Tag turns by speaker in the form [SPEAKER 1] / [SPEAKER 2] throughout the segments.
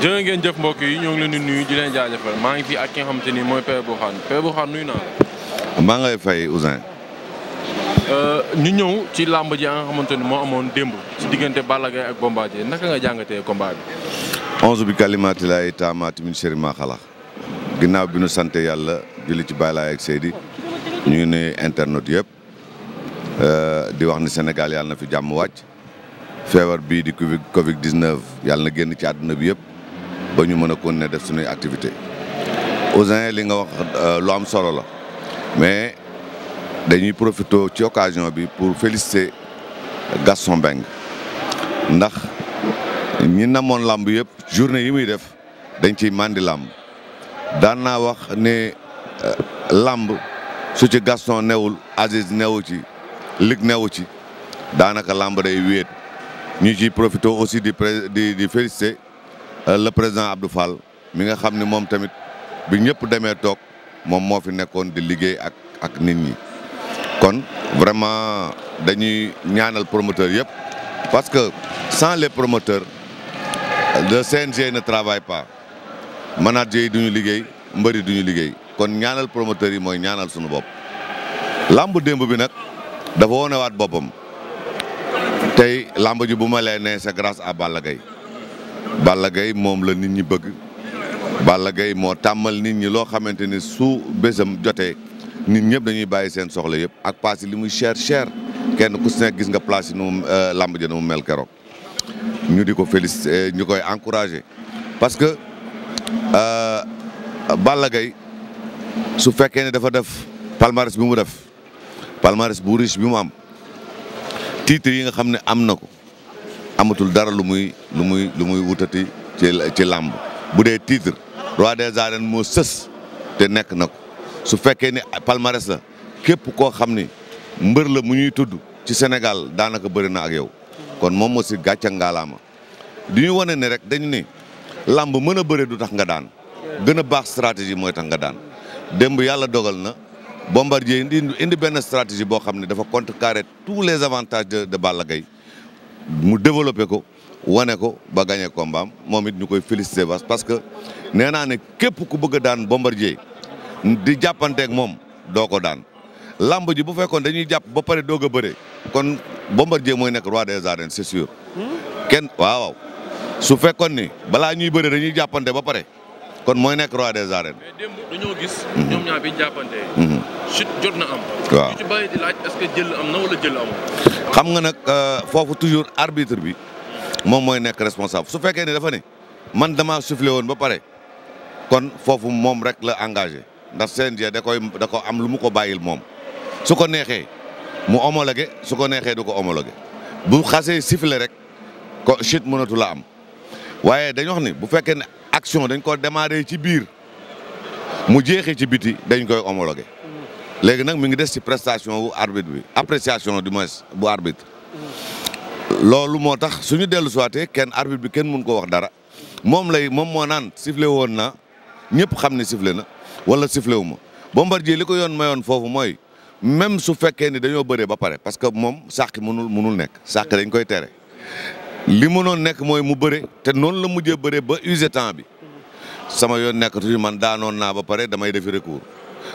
[SPEAKER 1] jërë ngeen jëf mbokk yi ñoo ngi leen di nuyu di leen jaajëfal maa ngi fi ak ki nga xamante ni mooy Père Bourkhane Père Bourkhane nuyu naa
[SPEAKER 2] la. maa ngay fay Ousin.
[SPEAKER 1] Euh, ñu ñëw ci làmb ji nga xamante ni moo amoon démb ci diggante Balla ak Bombardier naka nga jàngatee combat bi. onze
[SPEAKER 2] bi kalimaati laay taamaati min sharri maa xalaq ginnaaw bi nu sant yàlla julli ci Balaay ak Seydi ñu ngi nuyu internet yëpp euh, di wax ni Sénégal yàlla na fi jàmm wàcc feebar bii di Covid Covid 19 yàlla génn ci àdduna bi yëpp. ba ñu mën a continuer def suñuy activité Ousin li nga wax euh, lu am solo la mais dañuy profité ci occasion bi pour féliciter Gaston Mbengue ndax ñi namoon làmb yëpp journée yi muy def dañ ciy màndi làmb daan naa wax ne euh, làmb su ci Gaston newul Aziz newu ci Ligue newu ci daanaka làmb day wéet ñu ciy profité aussi di di di féliciter Euh, le président Abdou Fall mi nga xam ni moom tamit bi ñëpp demee toog moom moo fi nekkoon di liggéey ak ak nit ñi kon vraiment dañuy ñaanal promoteur yëpp parce que sans les promoteurs le CNG ne travaille pas manager yi duñu liggéey mbër yi duñu liggéey kon ñaanal promoteurs yi mooy ñaanal suñu bopp lamb démb bi nag dafa wonewaat boppam tey làmb ji bu ma lee ne c'est à Balla Gaye Balla Gaye moom la nit ñi bëgg Balla Gaye moo tàmmal nit ñi loo xamante ni su bésam jotee nit ñëpp dañuy bàyyi seen soxla yëpp ak paas li muy cher cher kenn ku si nekk gis nga place yi nu mu euh, làmb ja mel keroog ñu di ko félicité euh, ñu koy encouragé parce que euh, Balla Gaye su fekkee ne dafa def palmarès bi mu def palmarès bu riche bi mu am titre yi nga xam ne am na ko. amatul dara lu muy lu muy lu muy wutati ci ci làmb bu dee titre roi des arènes moo sës te nekk na ko su fekkee ni palmarès la képp koo xam ni mbër la mu ñuy tudd ci Sénégal daanaka bëri na ak yow kon moom moo si gàcca ngaalaama du ñu wane ne rek dañu ni làmb mën a bëre du tax nga daan gën a baax stratégie mooy tax nga daan demb yàlla dogal na Bombardier indi indi benn stratégie boo xam ne dafa contrecarrer tous les avantages de de Balla Gaye mu développé ko wane ko ba gagné combat am moom it ñu koy félicité bas parce que nee naa ne képp ku bëgg a daan Bombardier di jàppanteeg moom doo ko daan lamb ji bu fekkoon dañuy jàpp ba pare doog a bëre kon Bombardier mooy nekk roi des arènes c'est sûr. kenn waaw su fekkoon ni balaa ñuy bëre dañuy jàppante ba pare kon mooy nekk roi des arènes. mais démb
[SPEAKER 1] dañoo gis. Mhm. ñoom ñaar bi chute
[SPEAKER 2] nga nag euh, foofu toujours arbitre bi moom mooy nekk responsable su fekkee ne dafa ne man dama soufflé woon ba pare kon foofu moom rek la engagé ndax CNG da koy da ko am lu mu ko bàyyil moom su ko neexee mu homologué su ko neexee du ko homologué bu xasee sifflé rek ko chute mënatu am waaye dañ wax ni bu fekkee ne action dañ ko démarré ci biir mu jeexee ci biti dañ koy homologué. léegi nag mi ngi des ci prestation wu arbitre bi appréciation du moins bu arbitre. loolu moo tax suñu dellu suwaatee kenn arbitre bi kenn mun ko wax dara moom lay moom moo naan sifflé woon na ñëpp xam ne sifflé na wala sifflé wu ma Bombardier li ko yoon mayoon foofu mooy même su fekkee ni dañoo bëree ba pare parce que moom sàqi mënul mënul nekk sàqi dañ koy tere li mënoon nekk mooy mu bëre te noonu la mujjee bëree ba usé bi sama yoon nekkatu man daanoon naa ba pare damay defi recours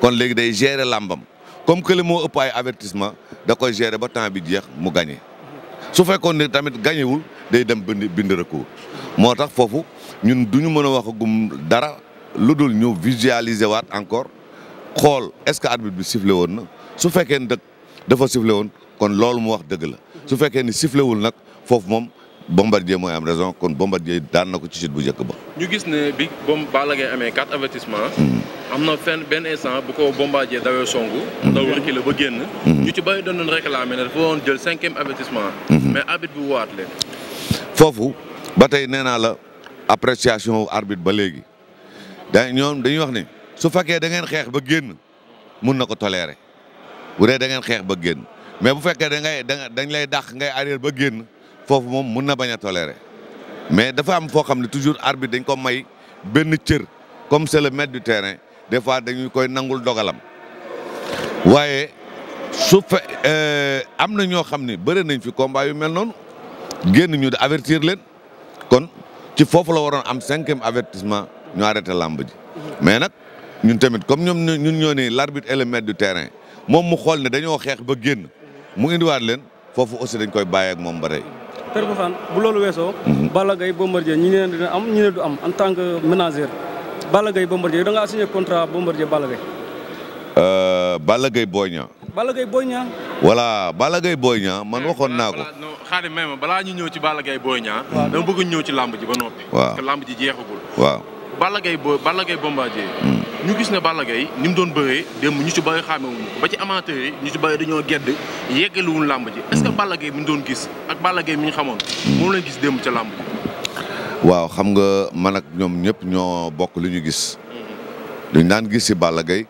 [SPEAKER 2] kon léegi day gérer làmbam comme que li moo ëpp ay avertissement da koy gérer ba temps bi jeex mu gagné su fekkoon ne tamit gañewul day dem bind bind recours moo tax foofu ñun du ñu mën a wax gum dara lu dul ñu visualiser waat encore xool est-ce que arbitre bi sifflé woon na su fekkee ne dëkk dafa sifflé woon kon loolu mu wax dëgg la su fekkee ni sifflé wul nag foofu moom Bombardier mooy am raison kon Bombardier daan na ko ci chute bu jëkk ba.
[SPEAKER 1] ñu gis ne bi bom Balla Gaye amee quatre avertissement. Hmm. am na fenn benn instant bu ko Bombardier dawee songu. ndaw hmm. wërki la ba génn. Hmm. ñu ci bëri doon doon réclamer ne dafa waroon jël cinquième avertissement. mais arbitre bi waat leen.
[SPEAKER 2] foofu ba tey nee naa la appréciation arbitre ba léegi da ñoom dañuy wax ne su fekkee dangeen xeex ba génn mun na ko tolérer bu dee da ngeen xeex ba génn mais bu fekkee da ngay dañ lay dàq ngay arrière ba génn. foofu moom mun na bañ a tolérer mais dafa am foo xam ne toujours arbitre dañ ko may benn cër comme c'est le maître du terrain des fois dañuy koy nangul dogalam waaye su fe euh, am na ñoo xam ne bëri nañ fi combat yu mel noonu génn ñu di avertir leen kon ci foofu la waroon am cinquième avertissement ñu arrêté làmb ji mais nag ñun tamit comme ñoom ñun ñoo ne l'arbitre et le du terrain moom mu xool ne dañoo xeex ba génn mu indiwaat leen foofu aussi dañ koy bàyyi ak moom ba percussion bu loolu weesoo. Mhm. Balla Gaye Bombardier ñi ne dina am ñi du am en tant que manager Balla Gaye Bombardier da contra signé contrat Bombardier balagay Gaye. Euh, Balla Gaye Boy Niang. Balla Gaye Boy Niang. voilà Balla Gaye man eh, waxoon naa ko.
[SPEAKER 1] xaaral ma balaa ñu ñëw ci Balla Gaye Boy Niang. dama ñëw ci làmb ji ba noppi. waa parce que làmb ji jeexagul. waaw Balla Gaye Bo Balla Gaye ñu gis ne Balla Gaye ni mu doon bëree démb ñu ci bëri xaamewuñu ko ba ci amateur yi ñu ci bëri dañoo gedd yeggaliwuñ làmb ji est-ce que Balla mi ñu doon gis ak Balla Gaye mi ñu xamoon moom lañ gis démb ca làmb
[SPEAKER 2] ji. waaw xam nga man ak ñoom ñëpp ñoo bokk lu ñu gis. li daan gis si Balla Gaye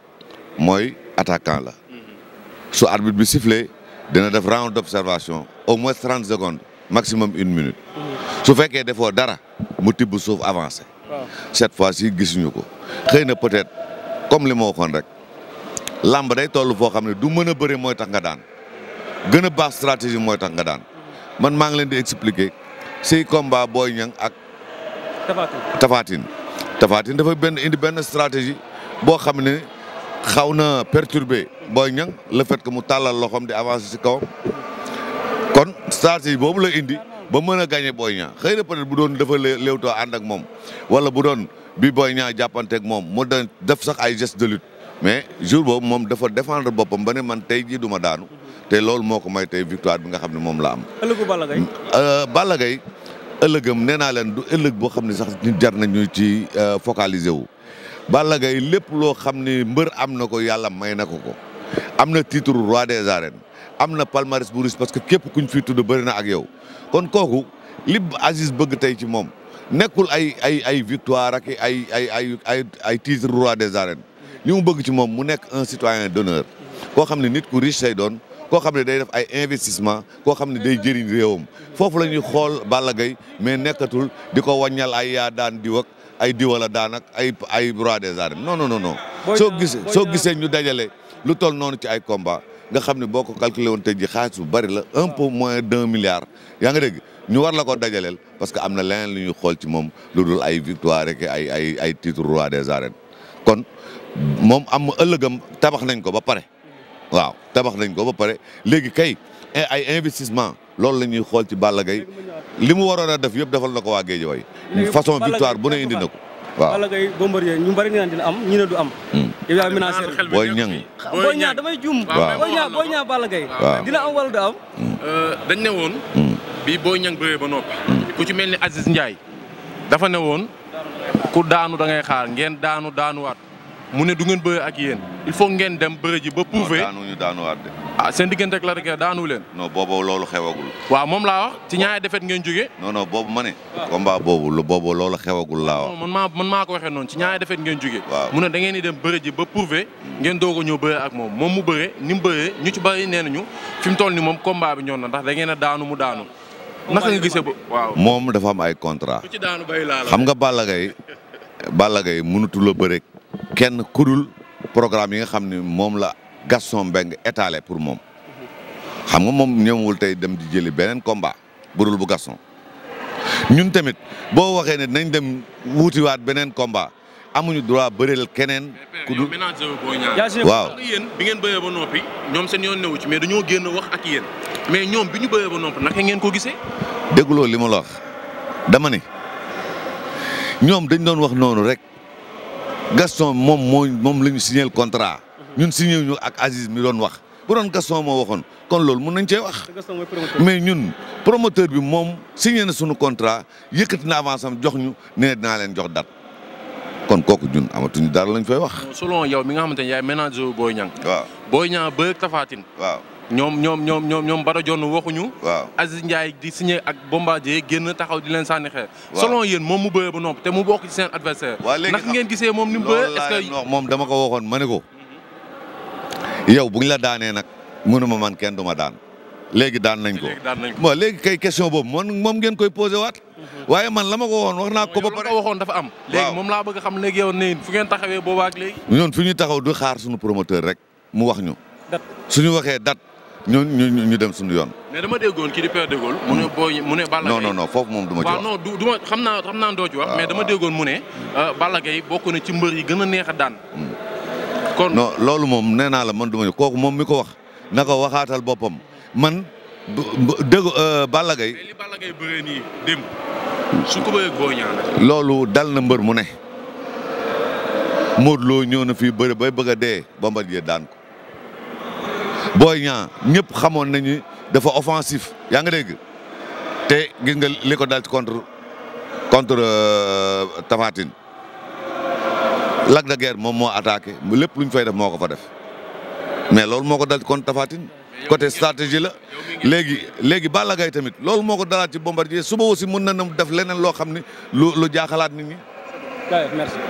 [SPEAKER 2] mooy attaquant la. Mm-hmm. su arbitre bi sifflé dina def round d'observation au moins trente secondes maximum une minute. Mm-hmm. su fekkee defoo dara mu tibb suuf avancé. cette fois-ci gisuñu ko xëy na comme li ma waxoon rek làmb day toll foo xam ne du mën a bëre mooy tax nga daan gën a baax stratégie mooy tax nga daan man maa ngi leen di expliquer si combat booy Niang ak. Tafatine Tafatine dafa benn indi benn stratégie boo xam ne xaw na perturbé booy Niang la fait que mu tàllal loxoom di avancer si kawam kon stratégie boobu la indi. ba mën a gagné Boy Niang xëy na peut-être bu doon dafa léewtoo ànd ak moom wala bu doon bi Boy Niang jàppanteeg moom mu doon def sax ay geste de lutte mais jour boobu moom dafa défendre boppam ba ne man tey jii duma daanu te loolu moo ko may tey victoire bi nga xam ne moom la am. ëllëgu Balla Gaye. Euh, Balla Gaye ëllëgam nee naa leen du ëllëg boo xam ne sax ñu jar nañu ci euh, focaliser wu. Balla Gaye lépp loo xam ni mbër am na ko yàlla may na ko ko am na titre roi des arènes. am na palmarès bu riche parce que képp kuñ fi tudd bëri na ak yow kon kooku li Aziz bëgg tey ci moom nekkul ay ay ay victoire ak ay ay ay ay ay titre roi des arènes li mu bëgg ci moom mu nekk un citoyen d'honneur koo xam ne nit ku riche say doon koo xam ne day def ay investissement koo xam ne day jëriñ réewam foofu la ñuy xool Balla Gaye mais nekkatul di ko wàññal ay yaa daan diw ak ay diwala daan ay ay roi des arènes non no non non soo gisee ñu dajale lu tol noonu ci ay combat nga xam ne boo ko calculé woon tey ji xaalis bu bari la un peu moins d'un milliard yaa ngi ñu war la ko dajaleel parce que am na leneen lu xool ci moom lu dul ay victoire rek ay ay ay titre roi des arènes kon moom am ëllëgam tabax nañ ko ba pare waaw tabax nañ ko ba pare léegi kay eh, ay investissement loolu la ñuy xool ci Balla Gaye li mu waroon a def yëpp defal na ko waa Guédiawaye façon victoire bu ne indi na ko
[SPEAKER 1] Ibrahima Mina Sène booy ñang booy ñang damay juum. waaw booy ñang booy ñang dina am wala du am. Euh, dañ ne woon. Mm. bii booy ñang bëree ba nopp mm. ku ci mel ni Aziz Ndiaye. dafa ne woon ku daanu da ngay xaar ngeen daanu daanuwaat. mu ne du ngeen bëre ak yéen il faut ngeen dem ji ba prouver daanuñu daanuwaat de ah seen diggante ak la rek daanu leen non boobu loolu xewagul waaw moom laa wax ci ñaari defet ngeen jógee boobu ma ne
[SPEAKER 2] combat boobu boobu loolu xewagul laa wax
[SPEAKER 1] man maa maa ko waxee noonu ci ñaari defet ngeen jógee waaw mu ne da ngeen di dem bëre ji ba prouver ngeen doog a ñëw bëre ak moom moom mu bëre ni mu bëree ñu ci bëri nee nañu fi mu toll ni moom combat bi ñor na ndax da ngeen a daanu mu daanu naka nga gisee ba waaw moom
[SPEAKER 2] dafa am ay contrat xam nga Balla Gaye Balla Gaye mënutu la bëre kenn kudul programme yi nga xam ni moom la gason Mbengue étalé pour moom xam nga moom ñëwul tey dem di jëli beneen combat budul bu Gaston ñun tamit boo waxee ne nañ dem wuutiwaat beneen combat amuñu droit bëreel keneen. ku
[SPEAKER 1] waaw yéen bi ngeen bëree ba noppi ñoom seen yoon newu ci mais dañoo génn wax ak yéen mais ñoom bi ñu bëree ba noppi naka ngeen ko gisee.
[SPEAKER 2] dégguloo li ma la wax dama ni ñoom dañ doon wax noonu rek. Gaston moom moo moom la ñu contra contrat. ñun signé ñu ak Aziz mi doon wax bu doon Gaston moo waxoon kon loolu mun nañ cee wax. mais ñun promoteur bi moom signé na suñu contrat yëkkati na avance am jox ñu ne naa leen jox date kon kooku ñun amatuñu dara lañ fay wax.
[SPEAKER 1] selon yow mi nga xamante ne yaay ménage Boy Niang. waaw Boy Niang waaw. ñoom ñoom ñoom ñoom ñoom Bada Dione waxuñu. waaw Aziz Ndiaye di signé ak Bombardier génn taxaw di leen sànni xeer. selon yéen moom mu bëree ba nopp te mu bokk ci seen adversaire. waaw léegi nag ngeen gisee moom ni mu bëree est-ce
[SPEAKER 2] moom dama ko waxoon ma ne ko. yow bu la daanee nag mënuma man kenn du ma daan. léegi daan nañ ko bon
[SPEAKER 1] léegi kay question boobu moom moom ngeen koy posé waat. Mhm. waaye man la ma ko naa ko ba waxoon dafa am. waaw léegi moom laa bëgg a xam léegi yow ne fu ngeen taxawee bo léegi.
[SPEAKER 2] ñun fu ñuy taxaw du xaar suñu promoteur rek mu wax ñu. suñu waxee date ñu ñu ñu dem suñu yoon.
[SPEAKER 1] mais dama déggoon kii di père de Gaulle. mu ne hmm. booy mu ne Balla moom du ma ci wax. waaw xam na xam naa doo ci wax. mais dama ah. déggoon mu ne. Euh, Balla Gaye bokk na ci mbër yi gën a neex a daan. Hmm.
[SPEAKER 2] kon loolu moom nee naa la man du ma kooku moom mi ko wax na ko waxaatal boppam man dégg euh, Balla Gaye. mais li Balla Gaye loolu dal na mbër mu ne Modou Lo ñëw na fi bëri bay bëgg a dee Bombardier daan Boy Niang ñëpp xamoon nañu dafa offensif yaa ngi dégg te gis nga li ko dal contre contre euh, Tapha Tine Lac de moom moo attaqué lépp lu ñu fay def moo ko fa def mais loolu moo ko dal ci contre Tapha Tine côté stratégie la léegi léegi Balla Gaye tamit loolu moo ko dalaat ci Bombardier suba aussi mën na def leneen loo xam ne lu jaaxalaat nit ñi.